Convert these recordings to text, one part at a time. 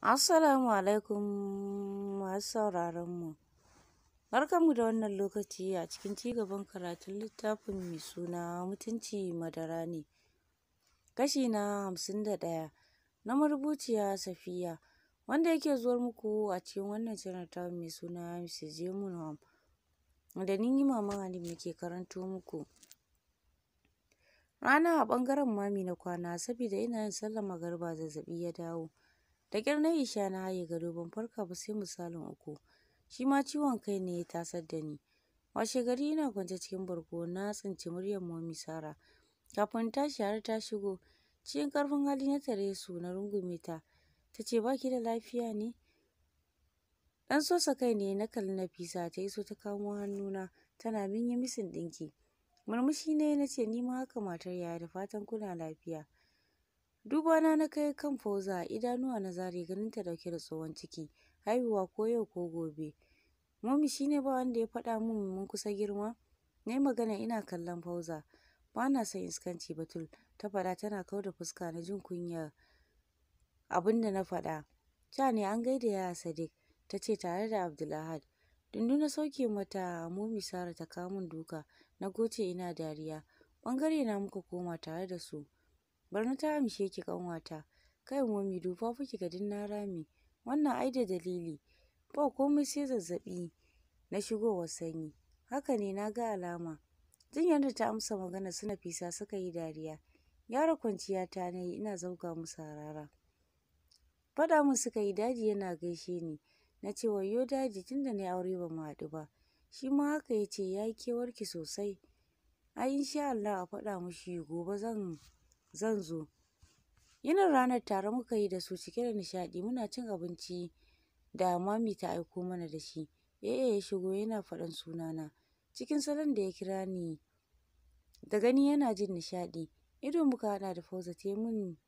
Assalamu alaikum masu sauraron mu. Barkanmu da wannan lokaci a cikin cigaban karatun littafin mai suna mutunci madara ne. Kashi na hamsin da ɗaya na marubuciya Safiya wanda yake zuwa muku a cikin wannan channel mai suna Mrs. Jemunham da ni Maman Halim ke karanto muku. Rana a ɓangaren mami na kwana saboda ina yin sallah magariba zazzaɓi ya dawo. Da ƙyar na isha na haye gado ban farka ba sai misalin uku. Shi ma ciwon kai ne ya tasar da ni. Washe gari ina kwance cikin bargo na tsinci muryar mami Sara. Kafin tashi har ta shigo, cikin karfin hali na tare su na rungume ta. Ta ce ba ki da lafiya ne? Ɗan sosa kai ne na kalli na fisa ta iso ta kamo hannuna tana min yi misin ɗinki. Murmushi ne na ce ni ma haka matar yaya da fatan kuna lafiya. Dubana na kai kan Fauza, idanuwa na zare ganin ta dauke da tsohon ciki, haihuwa ko yau ko gobe. Mami shine ba wanda ya faɗa min mun kusa girma? Na yi magana ina kallon Fauza. Ba na son iskanci Batul, ta faɗa tana kau da fuska na jin kunya abin na faɗa. Ca ne an gaida ya Sadiq, ta ce tare da Abdulahad. Dundu na sauke mata Mumi Sara ta kawo min duka, na goce ina dariya. Bangare na muka koma tare da su. Barno ta amshe ki kanwata. Kai momi dufa fiki ga din na rami. Wannan ai da dalili. Ba komai sai zazzabi na shigowa sanyi. Haka ne na ga alama. Jinyar da ta amsa magana suna fisa suka yi dariya. Yara kwanciya ta na yi ina zauka musu harara. Fada mun suka yi daji yana gaishe ni. Na ce wayo daji tunda na yi aure ba mu haɗu ba. Shi ma haka ya ce ya yi kewarki sosai. Ai insha Allah a faɗa mushi gobe zan zan zo yinin ranar tare muka yi da su cike da nishaɗi muna cin abinci da mami ta aiko mana da shi yaya ya shigo yana faɗan sunana cikin salon da ya kira ni da gani yana jin nishaɗi ido muka haɗa da fauza ta mun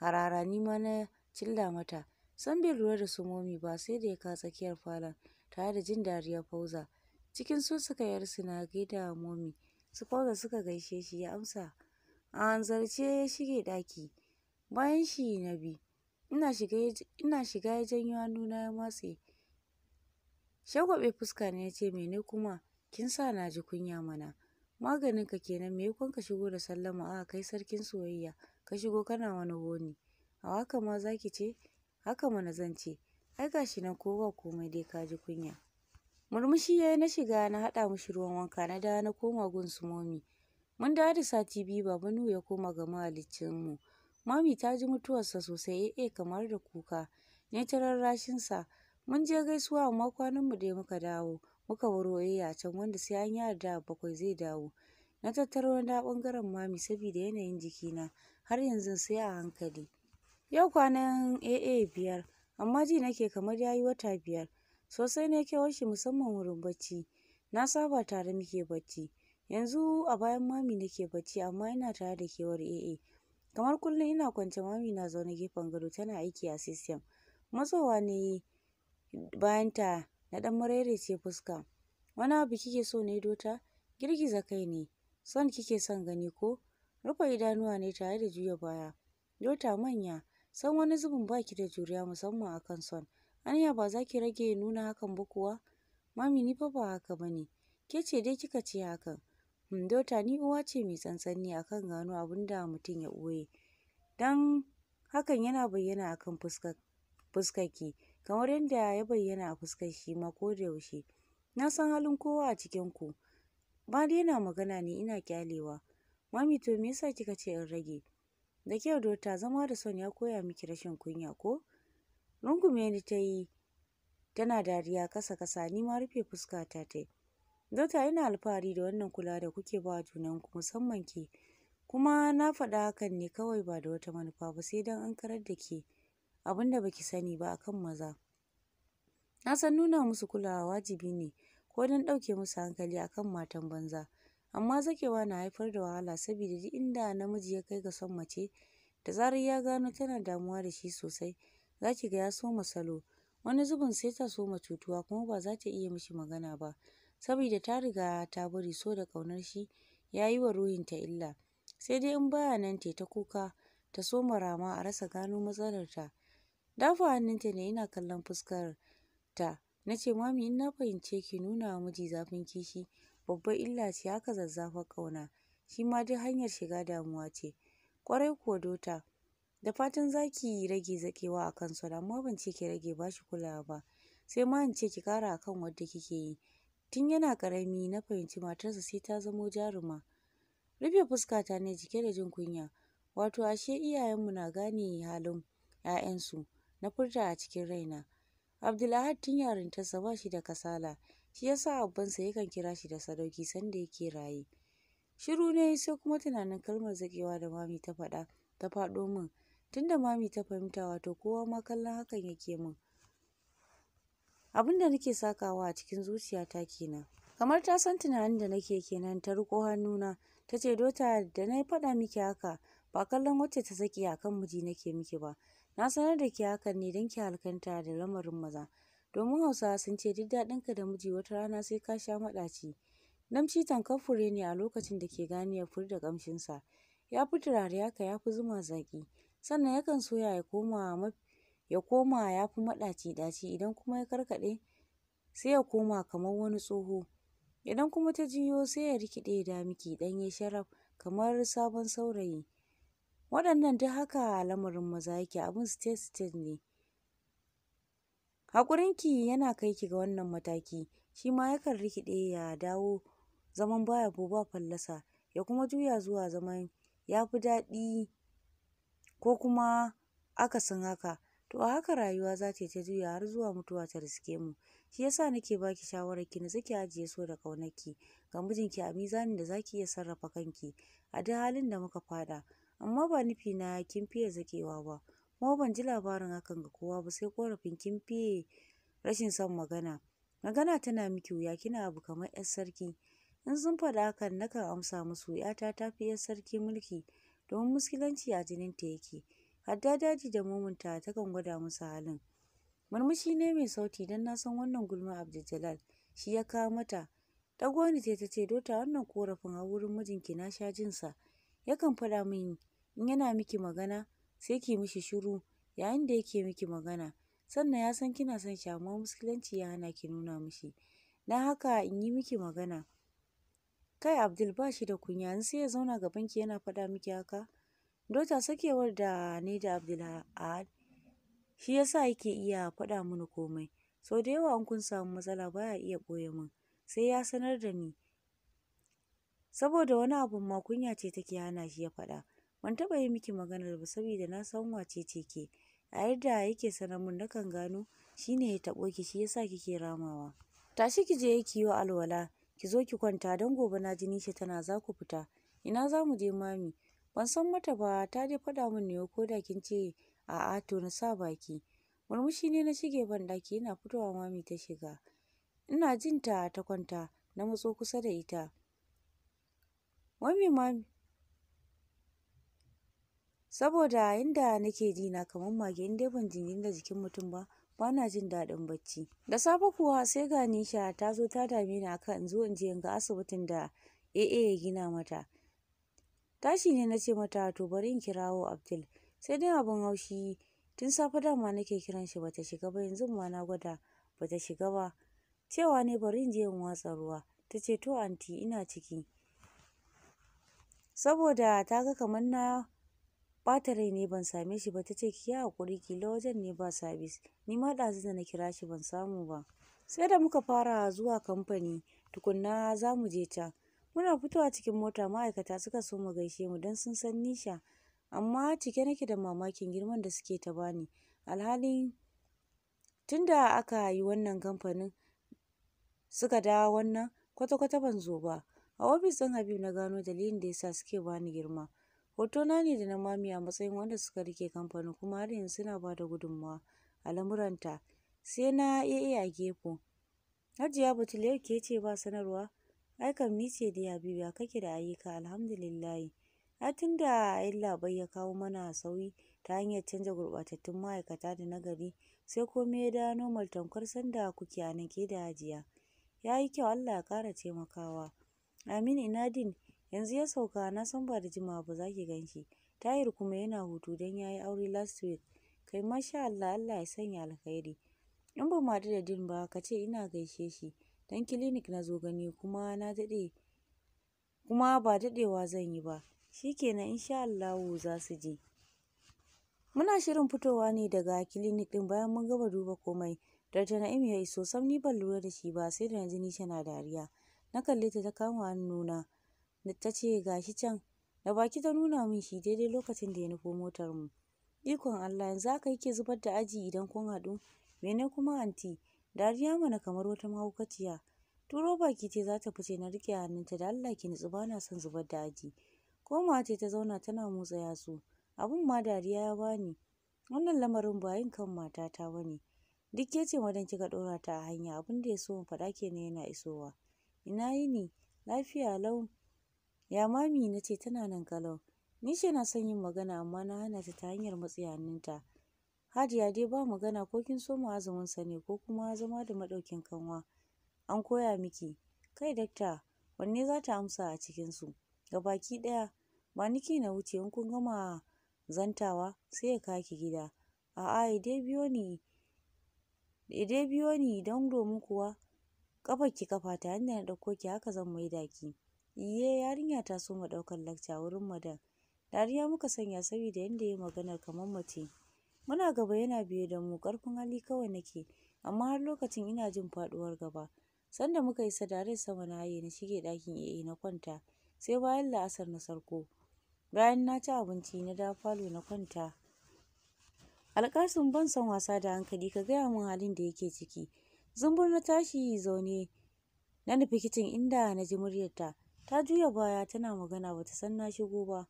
harara ni ma na cilla mata san bai lura da su momi ba sai da ya ka tsakiyar falon tare da jin dariyar fauza cikin su suka yarsu na gaida momi su fauza suka gaishe shi ya amsa A hanzarce ya shige ɗaki, bayan shi na bi, ina shiga ya janyo hannuna ya matse, fuska ne ya ce mene kuma, kin sa na ji kunya mana, Maganin ka kenan maimakon ka shigo da sallama A kai sarkin soyayya, ka shigo kana wani honi, a haka ma za ce, haka mana zan ce, ai ga shi nan ko komai dai ka ji kunya. Murmushi ya yi na shiga na haɗa mishi ruwan wanka na da na koma gun su momi Mun dawo da sati biyu Baba Nuhu ya koma ga mu. Mami ta ji mutuwarsa sosai eh, eh kamar da kuka. Ne ta rarrashinsa. Mun je gaisuwa amma kwanan kwananmu dai muka dawo. Muka baro a can wanda sai an yi da bakwai zai dawo. Na tattaro na ɓangaren mami saboda yanayin jikina har yanzu sai a hankali. Yau kwanan AA eh, eh, biyar amma ji nake kamar ya yi wata biyar. Sosai ne kewar shi musamman wurin bacci. Na saba tare muke bacci. Yanzu a bayan mami nake bacci amma ina tare da kewar AA. Kamar kullum ina kwance mami na zaune gefen gado tana aiki a system. Matsowa ne bayan ta na dan ce fuska. Wani abu kike so ne dota? Girgiza kai ne. Son kike son gani ko? Rufe idanuwa ne tare da juya baya. Dota manya, san wani zubin baki da juriya musamman akan son. Anya ba za ki rage nuna hakan ba kuwa? Mami ni fa ba haka bane. Ke ce dai kika ce hakan. Dota ni uwa ce mai tsantsani akan gano abin da mutum ya ɓoye, don hakan yana bayyana akan kan ki kamar yadda ya bayyana a fuskar shi ma ko da yaushe Na san halin kowa a cikinku. Ba dai yana magana ne ina ƙyalewa. Mami to me yasa kika ce in rage? Da kyau Dota zama da son ya koya miki rashin kunya ko? Rungume ni ta yi tana dariya kasa kasa ni ma rufe fuskata ta yi. Dokta ina alfahari da wannan kula da kuke ba junan ku musamman ke. Kuma na faɗa hakan ne kawai ba da wata manufa ba sai dan an karar da ke abin da baki sani ba akan maza. Na san nuna musu kulawa wajibi ne ko don ɗauke musu hankali akan matan banza. Amma zakewa na haifar da wahala saboda duk inda namiji ya kai ga son mace da zarar ya gano tana damuwa da shi sosai za ki ga ya soma salo. Wani zubin sai ta soma cutuwa kuma ba za ta iya mishi magana ba. saboda ta riga ta bari so da ƙaunar shi ya yi wa ruhinta illa. Sai dai in baya nan te ta kuka ta soma rama a rasa gano matsalarta. Dafa hannunta ne ina kallon fuskar ta. Na ce mami in na fahimce ki nuna wa miji zafin kishi babbar illa ce haka zazzafar ƙauna. Shi ma duk hanyar shiga damuwa ce. Ƙwarai kuwa Dota, da fatan za ki rage zaƙewa a kansu amma ban ce ki rage ba shi kulawa ba. sai ma in ce ki ƙara kan wadda kike yi Tun yana karami na fahimci matarsa sai ta zamo jaruma. Rufe fuska ta ne jike da jin kunya, wato ashe iyayenmu na gane halin ‘ya'yansu na furta a cikin raina. Abdulahad tun yarintarsa ba shi da kasala, shi yasa abbansa yakan kira shi da sadauki sanda yake raye. Shiru ne sai kuma tunanin kalmar zaƙewa da mami ta faɗa ta faɗo min. Tunda mami ta fahimta wato kowa ma kallon hakan yake min. abin da nake sakawa a cikin zuciyata kenan kamar ta san tunanin da nake kenan ta riko hannuna ta ce dota da na faɗa miki haka ba kallon wacce ta saki a kan miji nake miki ba na sanar da ke hakan ne don ki halkanta da lamarin maza domin hausawa sun ce duk daɗin ka da miji wata rana sai ka sha maɗaci namci tankan fure ne a lokacin da ke gane ya furta ƙamshinsa ya fi turare haka ya fi zuma zaƙi sannan yakan soya ya koma ya koma ya fi maɗaci-ɗaci idan kuma ya karkaɗe sai ya koma kamar wani tsoho. Idan kuma ta jiyo sai ya rikiɗe ya ɗan ɗanye sharaf kamar sabon saurayi. Waɗannan duk haka lamarin maza yake abin state state ne. Haƙurinki yana kaiki ga wannan mataki shi ma yakan rikiɗe ya dawo zaman baya bo ba fallasa ya kuma juya zuwa zaman ya fi daɗi ko kuma akasin haka. to a haka rayuwa za ta ta juya har zuwa mutuwa ta riske mu shi yasa nake baki shawarar ki nutsu ki ajiye so da kaunarki ga mijinki a mizanin da zaki iya sarrafa kanki a duk halin da muka faɗa. amma ba nufi na kin fiye zakewa ba kuma ban ji labarin hakan ga kowa ba sai korafin kin fiye rashin son magana magana tana miki wuya kina abu kamar yar sarki in sun faɗa hakan nakan amsa musu yata ta fi yar sarki mulki domin muskilanci a jinin ta yake Hadda daji da mumunta takan gwada musu halin. Murmushi ne mai sauti dan na san wannan gulma abdujalal shi ya kawo mata. ne ce ta ce dota wannan korafin a wurin mijinki na sha jinsa. Yakan faɗa min in yana miki magana sai ki mishi shiru yayin da yake miki magana. Sannan ya san kina son shi amma musulunci ya hana ki nuna mishi. Na haka in yi miki magana. Kai Abdul ba shi da kunya sai ya zauna gabanki yana faɗa miki haka. Dota sakewar da ni da Abdulahad shi yasa yake iya faɗa mini komai. Sau da yawa in kun samu matsala baya iya ɓoye min, sai ya sanar da ni. Saboda wani abun ma kunya ce take hana shi ya faɗa. Ban taɓa yi miki maganar ba saboda na san wace ce ke. A yadda yake sanar mun nakan gano shi ne ya taɓo ki shi yasa kike ramawa. Tashi ki je ki yi wa alwala, ki zo ki kwanta don gobe na ji nishi tana za ku fita. Ina za mu je mami? ban san mata ba ta dai faɗa min ne ko da kin ce a to na sa baki murmushi ne na shige ban daki ina fitowa mami ta shiga ina jin ta ta kwanta na matso kusa da ita mami mami saboda inda nake ji na kamar mage in dai ban jin da jikin mutum ba ba na jin daɗin bacci da safe kuwa sai ga nisha ta zo ta dame ni akan in zo in je in ga asibitin da AA ya gina mata Tashi ne na ce mata to bari in kirawo Abdul. Sai dai abun haushi tun safe dama nake kiran shi bata shiga ba yanzu ma na gwada bata shiga ba. Cewa ne bari in je in watsa ruwa. Ta ce to anti ina ciki. Saboda ta ga kamar na ɓata ne ban same shi ba ta ce ki yi haƙuri kila wajen ne ba sabis. Ni ma ɗazu da na kira shi ban samu ba. Sai da muka fara zuwa kamfani tukunna za mu je can. muna fitowa cikin mota ma'aikata suka so mu gaishe mu don sun san nisha amma cike nake da mamakin girman da suke ta bani alhalin tunda aka yi wannan kamfanin suka dawo wannan kwata-kwata ban zo ba a ofis ɗin habib na gano dalilin da yasa suke bani girma hotona ne da na mami a matsayin wanda suka rike kamfanin kuma har yanzu suna ba da gudunmawa a lamuranta sai na iya a gefe Hajiya Butul yau ke ce ba sanarwa ai kam ni ce dai ya kake da ayyuka alhamdulillahi ai tunda bai ya kawo mana sauyi ta hanyar canza gurɓatattun ma'aikata da nagari sai komai ya dawo normal tamkar sanda kuke a nan da hajiya ya yi kyau allah ya ƙara taimakawa amin ina din yanzu ya sauka na san ba da jima ba za ki gan tahir kuma yana hutu don ya yi aure last week kai masha allah allah ya sanya alkhairi in ba mu da din ba ka ce ina gaishe shi dan clinic na zo gani kuma na daɗe kuma ba daɗewa zan yi ba shikenan insha Allahu zasu je muna shirin fitowa ne daga clinic din bayan mun gama duba komai Dr. Na'im ya iso sam ni ban lura da shi ba sai da naji ni tana dariya na kalle ta ta kama hannuna ta ce gashi can Na baki ta nuna min shi daidai lokacin da ya nufo motar mu ikon Allah yanzu haka yake zubar da aji idan kun haɗu mene kuma anti dariya mana kamar wata mahaukaciya turo baki ce za ta fice na riƙe hannunta da Allah ki nutsu bana son zubar da aji komawa ce ta zauna tana motsa yatsu abun ma dariya ya bani wannan lamarin ba yin kan matata ba ne duk ya ce madan kika dora ta a hanya abin da ya so in faɗa kenan yana isowa ina yini lafiya lau ya mami na ce tana nan kalau ni ce na son yin magana amma na hana ta ta hanyar matse hannunta Hajiya dai ba magana ko kin so mu azumin sa ne ko kuma zama da madaukin kanwa. An koya miki. Kai dakta, wanne za ta amsa a cikin su? Gabaki daya, ba niki na wuce in kun gama zantawa sai ya kaki gida. A'a, ya dai biyo ni. Ya biyo ni don domin kuwa ki kafa ta hanyar na ɗauko ki haka zan maida ki. Iye yarinya ta so mu ɗaukar lakca wurin madan. Dariya muka sanya saboda yanda ya yi maganar kamar mace. Muna gaba yana biye da mu ƙarfin hali kawai nake amma har lokacin ina jin faɗuwar gaba. Sanda muka isa direct sama na haye na shige ɗakin AA na kwanta sai bayan la'asar na sarko. Bayan na ci abinci na da falo na kwanta. Alƙasun ban son wasa da hankali ka gaya min halin da yake ciki. Zumbur na tashi zaune na nufi kicin inda na ji muryarta. Ta juya baya tana magana bata san na shigo ba.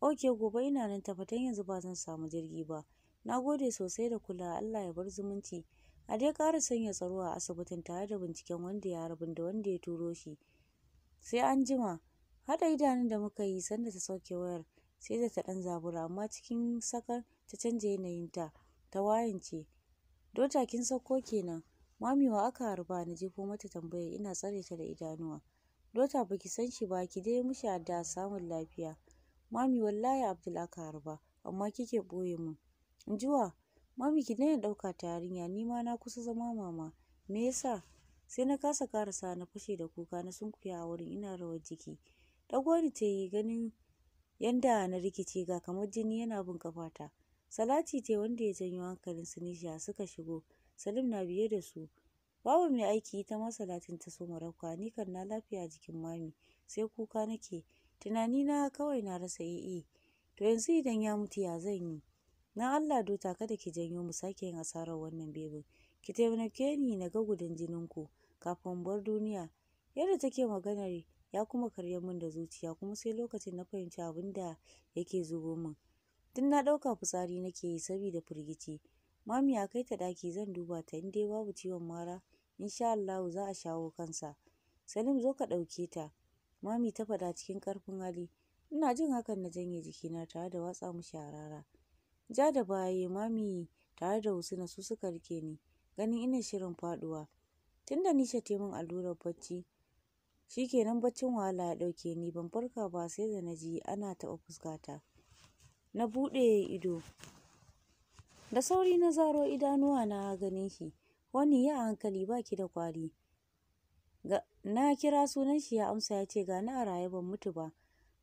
Oke gobe ina nan tafatan yanzu ba zan samu jirgi ba. Na gode sosai da kula, Allah ya bar zumunci. A dai ƙara sanya tsaro a asibitin tare da binciken wanda ya harbin da wanda ya turo shi. Sai an jima, haɗa idanun da muka yi sanda ta sauke wayar sai da ta ɗan zabura amma cikin sakar ta canja yanayinta ta wayance. Dota kin sauko kenan. Mami wa aka harba na jefo mata tambaya ina tsare ta da idanuwa. Dota baki san shi ba ki dai mishi adda samun lafiya. Mami wallahi Abdul aka harba amma kike ɓoye mun. wa mami ki daina ɗauka ta yarinya, ni ma na kusa zama mama. Me yasa? Sai na kasa karasa na fashe da kuka na sunkuya a wurin ina rawar jiki. Ɗago ta yi ganin yanda na rikice ga kamar jini yana bin kafata. Salati ce wanda ya janyo hankalin su Nisha suka shigo. Salim na biye da su. Babu mai aiki ita ma Salatin ta so marauka ni kan na lafiya jikin mami sai kuka nake. Tunani na kawai na rasa ee. Eh, eh. To yanzu idan ya mutu ya zan yi? na Allah dota kada ki janyo mu sake yin asarar wannan bebin ki taimake ni na ga gudun jinin ku kafin bar duniya yadda take maganar ya kuma karya min da zuciya kuma sai lokacin na fahimci abin da yake zubo min tun na ɗauka fitsari nake yi saboda firgici mami ya kai ta daki, zan duba ta in dai babu ciwon mara insha Allahu za a shawo kansa Salim zo ka ɗauke ta mami ta fada cikin karfin hali ina jin hakan na janye jikina tare da watsa mu sharara Ja da baya Mami tare da wasu su suka rike ni, ganin ina shirin faduwa. Tunda ni min allurar bacci, shi kenan baccin wahala ya dauke ni ban farka ba sai da na ji ana taɓa fuskata. Na buɗe ido. Da sauri na zaro idanuwa na ganin shi. Wani ya hankali ba ki da kwari. na kira sunan shi ya amsa ya ce ga ni a raye ban mutu ba.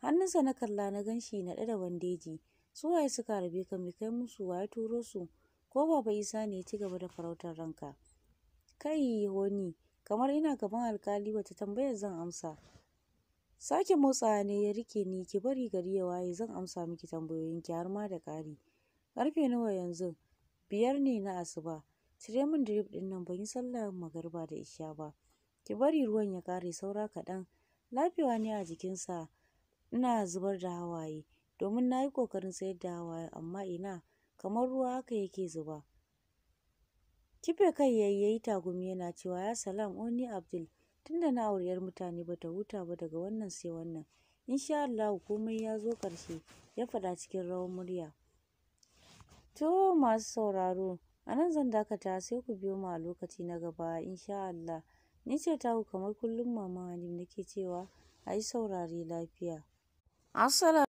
Hannunsa na kalla na ganshi na naɗe da bandeji. su waye suka harbe ka mai kai musu waye turo su ko baba isa ne ya ci gaba da farautar ranka kai honi. kamar ina gaban alkali wata tambayar zan amsa sake motsa ne ya rike ni ki bari gari ya waye zan amsa miki tambayoyinki har ma da ƙari karfe nawa yanzu biyar ne na asuba cire min drip din nan ban yi sallar magariba da isha ba ki bari ruwan ya ƙare saura kaɗan lafiya ne a jikinsa ina zubar da hawaye domin na yi ƙoƙarin sayar da hawaye amma ina kamar ruwa haka yake zuba. Kife kai yayi yayi tagumi yana cewa ya salam oni oh, Abdul tunda na auriyar mutane bata huta ba daga wannan sai wannan. Insha allahu komai ya zo ƙarshe ya faɗa cikin rawar murya. To masu sauraro a nan zan dakata sai ku biyo mu a lokaci na gaba insha Allah. Ni ce taku kamar kullum Mama Halim nake cewa a yi saurare lafiya. Assalamu